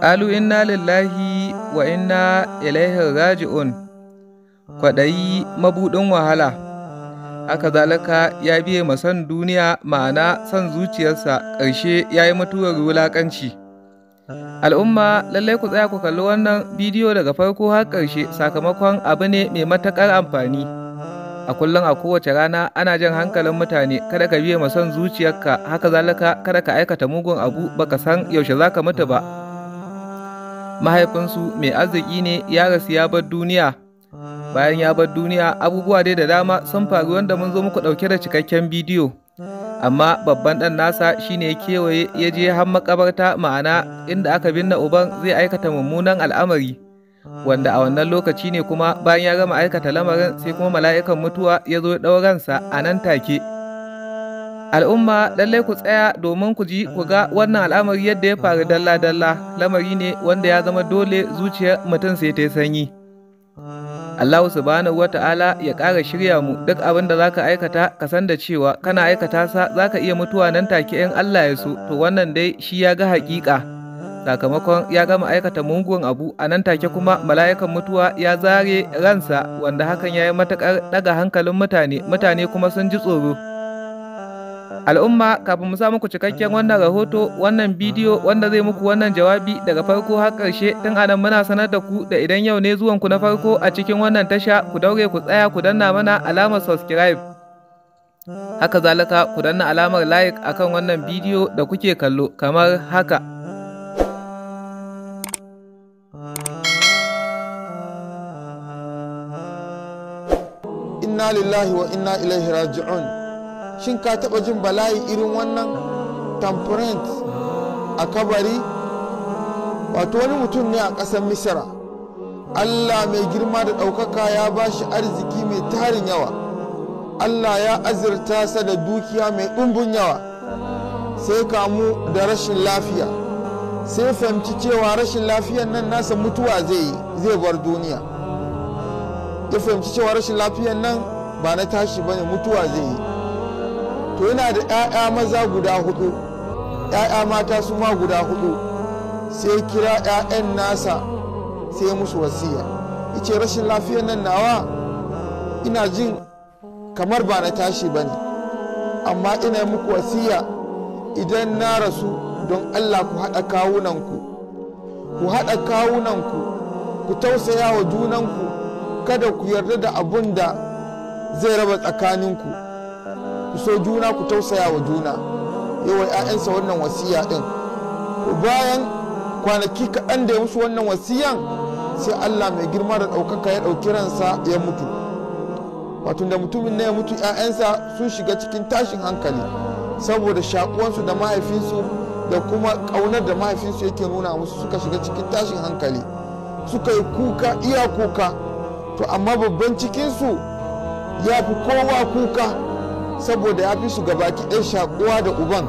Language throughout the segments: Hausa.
ƙalu inna lillahi wa inna raji'un kwaɗayi mabuɗin wahala haka zalaka ya biye son duniya ma'ana son zuciyarsa ƙarshe ya yi mutuwar wulaƙanci al'umma lallai ku tsaya ku kalli wannan bidiyo daga farko har ƙarshe sakamakon abu ne mai matuƙar amfani a kullum a kowace rana ana jan hankalin mutane kada ka biye son zuciyarka haka zalaka kada ka aikata mugun abu baka san yaushe zaka mutu ba mahaifinsu mai arziki ne ya rasu ya bar duniya bayan ya bar duniya abubuwa dai da dama sun faru wanda mun zo muku ɗauke da cikakken bidiyo amma babban ɗan nasa shine ya kewaye ya je har makabarta ma'ana inda aka binne uban zai aikata mummunan al'amari wanda a wannan lokaci ne kuma bayan ya gama aikata lamarin sai kuma mala'ikan mutuwa ya zo ya ɗauransa a nan take al'umma lallai ku tsaya domin ku ji ku ga wannan al'amari yadda ya faru dalla-dalla lamari ne wanda ya zama dole zuciyar mutum sai ta sanyi Allahu subhanahu ta'ala ya ƙara shirya mu duk abin da zaka aikata ka san da cewa kana aikata sa zaka iya mutuwa nan take in Allah ya so to wannan dai shi ya ga hakika sakamakon ya gama aikata mungun abu a nan take kuma mala'ikan mutuwa ya zare ransa wanda hakan ya yi matuƙar ɗaga hankalin mutane mutane kuma sun ji tsoro Al'umma kafin mu samu ku cikakken wannan rahoto wannan bidiyo wanda zai muku wannan jawabi daga farko har ƙarshe tun anan muna sanar da ku da idan yau ne zuwan ku na farko a cikin wannan tasha ku daure ku tsaya ku danna mana alamar subscribe. Haka zalika ku danna alamar like akan wannan bidiyo da kuke kallo kamar haka. Inna lillahi wa inna ilaihi raji'un. shin ka taba jin bala'i irin wannan temperance a kabari wato wani mutum ne a ƙasar misira allah mai girma da ɗaukaka ya ba shi arziki mai tarin yawa allah ya azirta sa da dukiya mai ɗumbin yawa sai kamu da rashin lafiya sai fahimci cewa rashin lafiyan nan nasa mutuwa zai bar duniya ya fahimci cewa rashin lafiyan nan ba na tashi bane mutuwa zai yi to yana da 'ya'ya maza guda hudu 'ya'ya mata su ma guda hudu sai kira 'ya'yan nasa sai musu wasiya ice rashin lafiyar nan nawa ina jin kamar ba na tashi ba ne amma ina muku wasiya idan na rasu don allah ku haɗa kawunanku ku haɗa kawunanku ku tausaya wa junanku kada ku yarda da abun da zai raba tsakaninku ku so juna ku tausaya wa juna yawa 'ya'yansa wannan wasiya din bayan kwanaki kaɗan da ya musu wannan wasiyan sai allah mai girma da ɗaukaka ya ɗauki ransa ya mutu wato da mutumin na ya mutu 'ya'yansa sun shiga cikin tashin hankali saboda shakuwansu da mahaifinsu da kuma ƙaunar da mahaifinsu yake nuna musu suka shiga cikin tashin hankali suka yi kuka iya kuka to amma babban cikinsu ya fi kowa kuka saboda ya fi su gabaki ɗan shaƙuwa da uban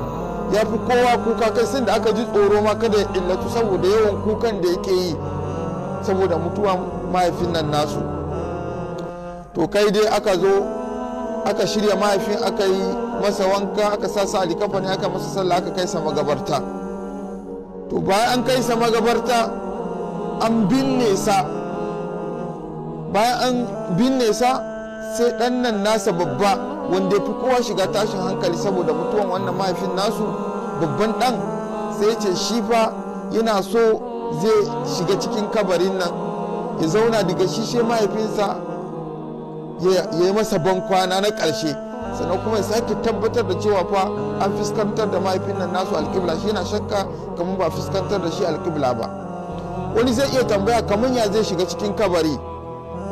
ya fi kowa kuka kai sun da aka ji tsoro ma kada ya illatu saboda yawan kukan da yake yi saboda mutuwa mahaifin nan nasu to kai dai aka zo aka shirya mahaifin aka yi masa wanka aka sa sa ne aka masa sallah aka kai sa magabarta to bayan an kai sa magabarta an binne sa bayan an binne sa sai ɗan nan nasa babba wanda ya fi kowa shiga tashin hankali saboda mutuwan wannan mahaifin nasu babban ɗan sai ce shi fa yana so zai shiga cikin kabarin nan ya zauna daga shishe mahaifinsa ya yi masa ban kwana na karshe sannan kuma ya sake tabbatar da cewa fa an fuskantar da mahaifin nan nasu alƙibla shi yana shakka kamar ba fuskantar da shi alƙibla ba wani zai iya tambaya kamar ya zai shiga cikin kabari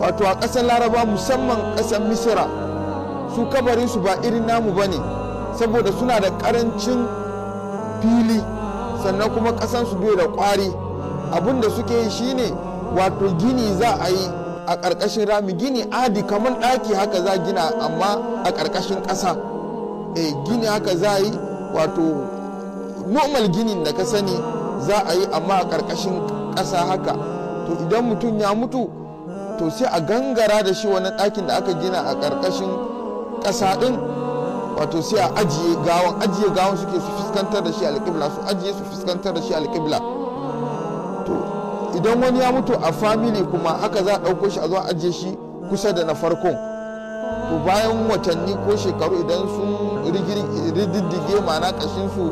wato a ƙasar laraba musamman ƙasar misira su kabarin su ba irin namu bane saboda suna da karancin fili sannan kuma su bai da kwari abin da suke yi shine wato gini za a yi a ƙarƙashin rami gini adi kamar ɗaki haka za gina amma a ƙarƙashin ƙasa e gini haka za yi wato normal gini da ka sani za a yi amma a ƙarƙashin ƙasa haka to idan mutum ya mutu to sai a gangara da shi wani ɗakin da aka gina a ƙarƙashin ƙasa ɗin wato sai a ajiye gawan ajiye gawan suke su fuskantar da shi alƙibla su ajiye su fuskantar da shi alƙibla to idan wani ya mutu a family kuma haka za a ɗauko shi a zo a ajiye shi kusa da na farkon to bayan watanni ko shekaru idan sun rididdige ma'ana ƙashin su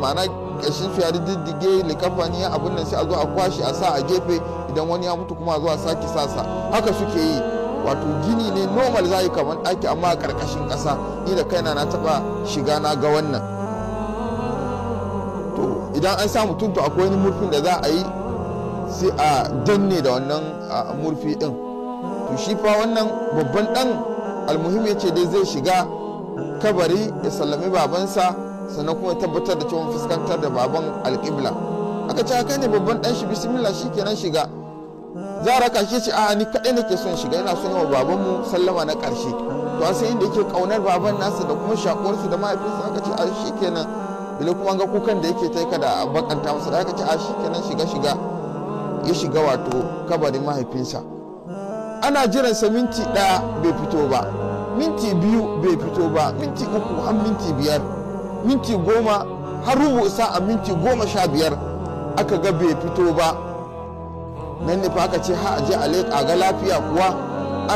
ma'ana ƙashin su ya rididdige likafani abin nan sai a zo a kwashi a sa a gefe idan wani ya mutu kuma a zo a sake sasa haka suke yi wato gini ne normal za yi kamar ɗaki amma a ƙarƙashin ƙasa ni da kaina na taɓa shiga na ga wannan to idan an sa mutum to akwai wani murfin da za a yi sai a danne da wannan murfi ɗin to shi fa wannan babban ɗan almuhimmi ya ce dai zai shiga kabari ya sallami babansa sannan kuma ya tabbatar da cewa fuskantar da baban alƙibla aka ce haka ne babban ɗan shi bismillah shi kenan shiga za a raka shi a ni kaɗai nake son shiga yana son yawa babanmu sallama na ƙarshe to an sai inda yake ƙaunar baban nasa da kuma shakuwarsa da mahaifinsa aka ce a shi kenan bile kuma ga kukan da yake taika da bakanta masa da aka ce a shi kenan shiga shiga ya shiga wato kabarin mahaifinsa ana jiran sa minti ɗaya bai fito ba minti biyu bai fito ba minti uku har minti biyar minti goma har rubu sa'a a minti goma sha biyar aka ga bai fito ba nan ne fa aka ce ha aje a ga lafiya kuwa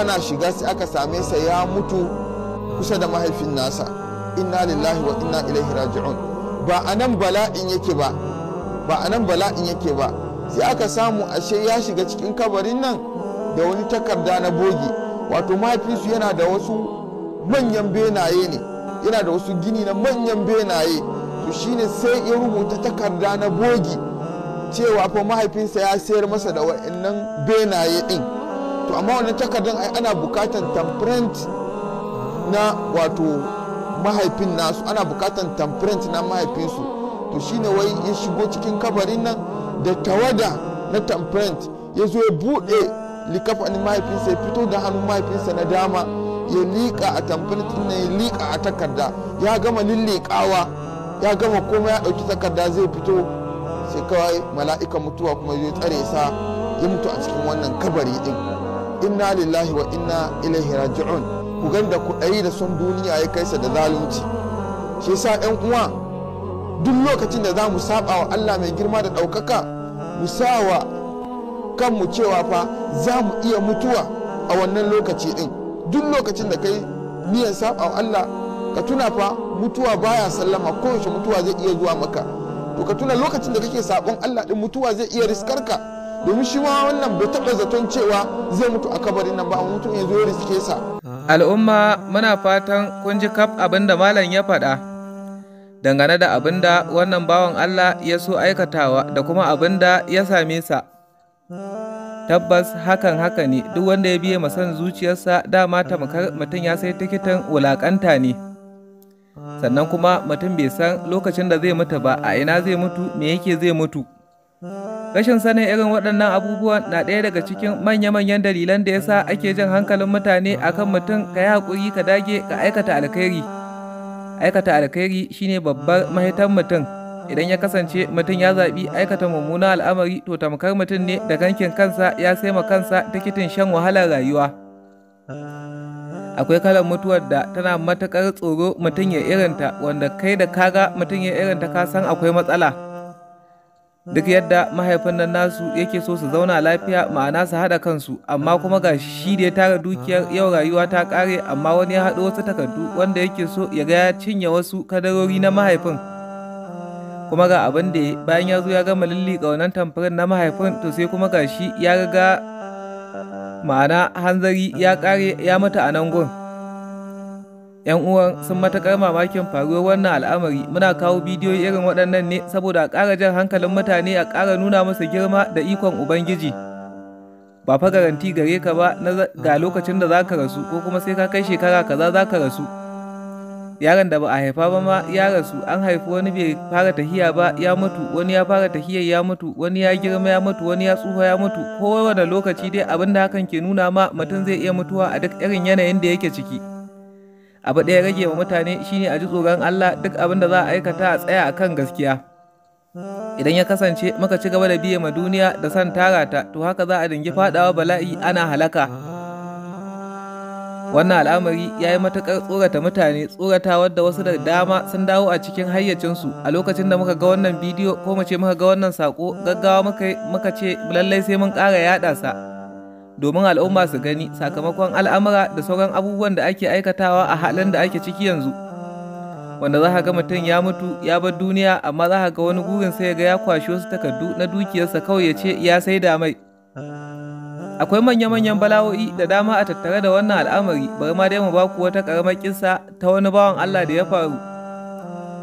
ana shiga sai aka same sa ya mutu kusa da mahaifin nasa inna lillahi wa inna ilaihi raji'un ba anan bala'in yake ba ba anan bala'in yake ba sai aka samu ashe ya shiga cikin kabarin nan da wani takarda na bogi wato mahaifinsu yana da wasu manyan benaye ne yana da wasu gini na manyan benaye to shine sai ya rubuta takarda na bogi cewa fa mahaifinsa ya sayar masa da wa'annan benaye din to amma wannan takardar ana bukatan tamprint na wato mahaifin nasu ana bukatan tamprint na mahaifinsu to shine wai ya shigo cikin kabarin nan da tawada na tamprint ya zo ya buɗe likafanin mahaifinsa ya fito da hannun mahaifinsa na dama ya liƙa a tamprint na ya liƙa a takarda ya gama lillikawa ya gama komai ya ɗauki takarda zai fito sai kawai mala'ikan mutuwa kuma zai tsare sa ya mutu a cikin wannan kabari din inna lillahi wa inna ilaihi raji'un ku ganda ku ɗari da son duniya ya kai sa da zalunci shi yasa ɗan uwa duk lokacin da za mu saba wa Allah mai girma da ɗaukaka mu sa wa kanmu cewa fa za mu iya mutuwa a wannan lokaci din duk lokacin da kai niyan saba wa Allah ka tuna fa mutuwa baya sallama kowace mutuwa zai iya zuwa maka to ka tuna lokacin da kake sabon Allah din mutuwa zai iya riskar ka domin shi ma wannan bai taba zaton cewa zai mutu a kabarin nan ba amma mutum yanzu ya riske sa al'umma muna fatan kun ji kaf abin malam ya faɗa dangane da abin wannan bawan Allah ya so aikatawa da kuma abin ya same sa tabbas hakan haka ne duk wanda ya biye masan zuciyarsa dama ta mutum ya sai tikitin wulakanta ne sannan kuma mutum bai san lokacin da zai mutu ba a ina zai mutu me yake zai mutu rashin sanin irin waɗannan abubuwan na ɗaya daga cikin manya-manyan dalilan da ya sa ake jin hankalin mutane akan mutum ka yi haƙuri ka dage ka aikata alkhairi aikata alkhairi shine babbar mahitan mutum idan ya kasance mutum ya zaɓi aikata mummunan al'amari to tamkar mutum ne da gankin kansa ya sai ma kansa tikitin shan wahalar rayuwa akwai kalar mutuwar da tana matakar tsoro mutum ya irinta wanda kai da kaga mutum ya irinta ka san akwai matsala duk yadda mahaifin nan nasu yake so su zauna lafiya ma'ana su haɗa kansu amma kuma ga shi da ya tara dukiyar yau rayuwa ta ƙare amma wani ya haɗo wasu takardu wanda yake so ya ga ya cinye wasu kadarori na mahaifin kuma ga abin da bayan ya zo ya gama lulli wannan tamfarin na mahaifin to sai kuma ga shi ya riga ma'ana hanzari ya kare ya mata a nan gun yan uwan sun matakar mamakin faruwar wannan al'amari muna kawo bidiyo irin waɗannan ne saboda a ƙara jan hankalin mutane a ƙara nuna musu girma da ikon ubangiji ba fa garanti gare ka ba ga lokacin da za ka rasu ko kuma sai ka kai shekara kaza za ka rasu yaron da ba a haifa ba ma ya rasu an haifi wani bai fara tahiya ba ya mutu wani ya fara tahiyar ya mutu wani ya girma ya mutu wani ya tsufa ya mutu wani lokaci dai abin da hakan ke nuna ma mutum zai iya mutuwa a duk irin yanayin da yake ciki abu ɗaya rage wa mutane shine a ji tsoron Allah duk abin da za a aikata a tsaya a kan gaskiya idan ya kasance maka ci gaba da biye ma duniya da son tara ta to haka za a dingi fadawa bala'i ana halaka wannan al'amari ya yi matuƙar tsorata mutane tsorata wadda wasu da dama sun dawo a cikin hayyacinsu a lokacin da muka ga wannan bidiyo ko mu ce muka ga wannan sako gaggawa muka ce lallai sai mun ƙara yaɗa sa domin al'umma su gani sakamakon al'amura da sauran abubuwan da ake aikatawa a halin da ake ciki yanzu wanda za ga mutum ya mutu ya bar duniya amma za ga wani gurin sai ga ya kwashe wasu takardu na dukiyarsa kawai ya ce ya saida mai akwai manya-manyan bala'o'i da dama a tattare da wannan al'amari bari ma dai mu ba ku wata karamar kissa ta wani bawan Allah da ya faru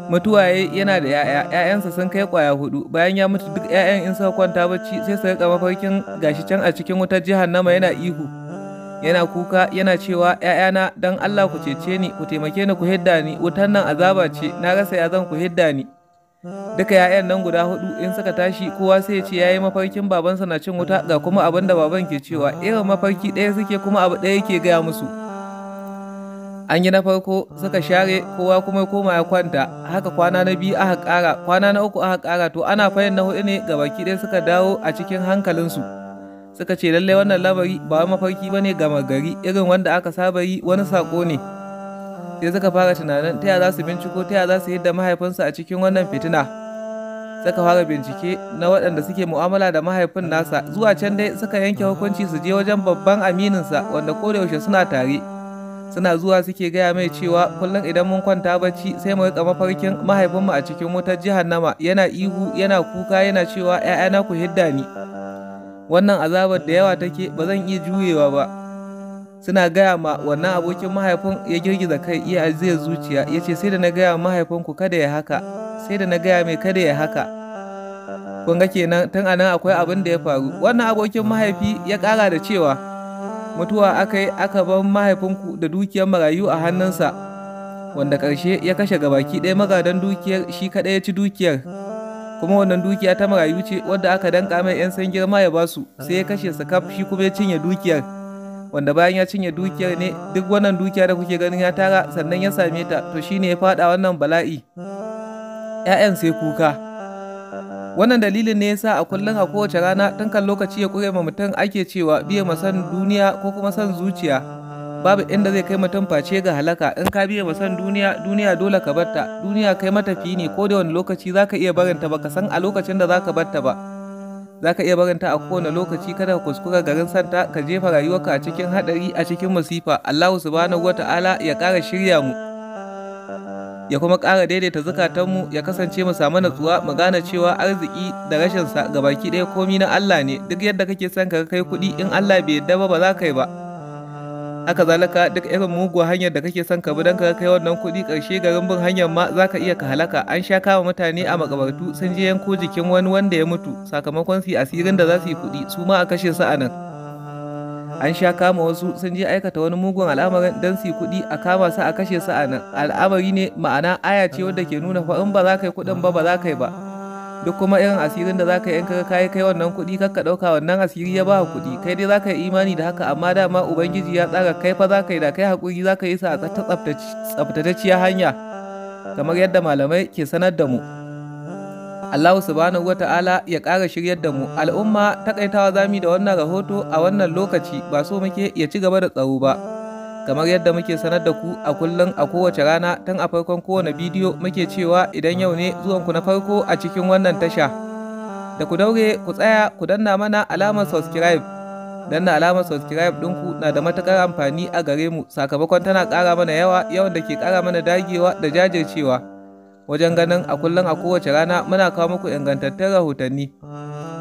mutuwaye yana da ya'ya ya'yansa sun kai kwaya hudu bayan ya mutu duk ya'yan in suka kwanta bacci sai su rika mafarkin gashi can a cikin wutar nama yana ihu yana kuka yana cewa ‘ya'yana don Allah ku cece ni ku taimake ni ku hidda ni wutar nan azaba ce na rasa ya zan ku hidda ni’ duka ‘ya'yan nan guda hudu in suka tashi kowa sai ya ce ya yi mafarkin babansa na cin wuta ga kuma abin da baban ke cewa irin mafarki ɗaya suke kuma abu ɗaya ke gaya musu an yi na farko suka share kowa kuma koma ya kwanta haka kwana na biyu aka ƙara kwana na uku aka ƙara to ana fayin na hudu ne ga baki ɗaya suka dawo a cikin hankalinsu suka ce lallai wannan labari ba mafarki bane ne gari irin wanda aka saba yi wani sako ne sai suka fara tunanin taya za su binciko taya za su yadda mahaifinsu a cikin wannan fitina suka fara bincike na waɗanda suke mu'amala da mahaifin nasa zuwa can dai suka yanke hukunci su je wajen babban amininsa wanda kodayaushe suna tare suna zuwa suke gaya mai cewa kullum idan mun kwanta bacci sai mu rika mafarkin mahaifinmu a cikin wutar nama, yana ihu yana kuka yana cewa 'ya'yana ku hidda ni wannan azabar da yawa take ba zan iya juyewa ba suna gaya ma wannan abokin mahaifin ya girgiza kai iya zai zuciya ya ce sai da na gaya mahaifinku kada ya haka sai da na gaya mai kada ya haka kun ga kenan tun a nan akwai abin da ya faru wannan abokin mahaifi ya kara da cewa mutuwa aka yi aka bar mahaifinku da dukiyar marayu a hannunsa wanda ƙarshe ya kashe gabaki ɗaya magadan dukiyar shi kaɗai ya ci dukiyar kuma wannan dukiya ta marayu ce wadda aka danka mai 'yan san girma ya basu sai ya kashe kaf shi kuma ya cinye dukiyar wanda bayan ya cinye dukiya ne duk wannan dukiya da kuke ganin ya tara sannan ya same ta to shine ya fada wannan bala'i ‘ya'yan sai kuka wannan dalilin ne yasa a kullum a kowace rana tun kan lokaci ya kure ma mutum ake cewa biye ma san duniya ko kuma san zuciya babu inda zai kai mutum face ga halaka in ka biye ma san duniya duniya dole ka batta duniya kai matafi ne ko da wani lokaci zaka iya barinta baka san a lokacin da zaka batta ba za ka iya baranta a kowane lokaci kada ka kuskura garin santa ka jefa rayuwarka a cikin haɗari a cikin masifa allahu subhanahu ta'ala ya ƙara shirya mu ya kuma ƙara daidaita zukatanmu ya kasance mu samu natsuwa mu gane cewa arziki da rashinsa baki ɗaya komi na Allah ne duk yadda kake son ka kai kuɗi in Allah bai yarda ba ba za ka yi ba. haka zalika duk irin muguwa hanyar da kake son ka bi don ka kai wannan kuɗi ƙarshe garin bin hanyar ma za ka iya ka halaka an sha kama mutane a makabartu sun je yanko jikin wani wanda ya mutu sakamakon su asirin da za su yi kuɗi su ma a kashe su a nan an sha kama wasu sun je aikata wani mugun al'amarin don su yi kuɗi a kama su a kashe su a nan al'amari ne ma'ana aya ce wadda ke nuna fa in ba za ka yi kuɗin ba ba za ka yi ba duk kuma irin asirin da zaka yi in kai kai wannan kuɗi kakka ɗauka wannan asiri ya ba kuɗi kai dai zaka yi imani da haka amma dama ubangiji ya tsara kai fa zaka yi da kai hakuri za ka yi sa a tsaftatacciya hanya kamar yadda malamai ke sanar da mu Allahu subhanahu wa ta'ala ya ƙara shiryar da mu al'umma takaitawa zami da wannan rahoto a wannan lokaci ba so muke ya ci gaba da tsaro ba kamar yadda muke sanar da ku a kullum a kowace rana tun a farkon kowane bidiyo muke cewa idan yau ne zuwanku na farko a cikin wannan tasha da ku daure ku tsaya ku danna mana alamar subscribe danna alamar subscribe ɗinku na da matuƙar amfani a gare mu sakamakon tana ƙara mana yawa yawan da ke ƙara mana dagewa da jajircewa wajen ganin a kullum a kowace rana muna kawo muku ingantattun rahotanni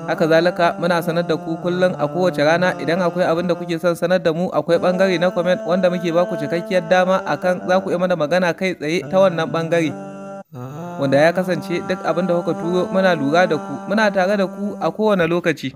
haka zalika muna sanar da ku kullum a kowace rana idan akwai abin da kuke son sanar da mu akwai bangare na comment wanda muke baku cikakkiyar dama akan za ku yi mana magana kai tsaye ta wannan bangare wanda ya kasance duk abin da kuka turo muna lura da ku muna tare da ku a kowane lokaci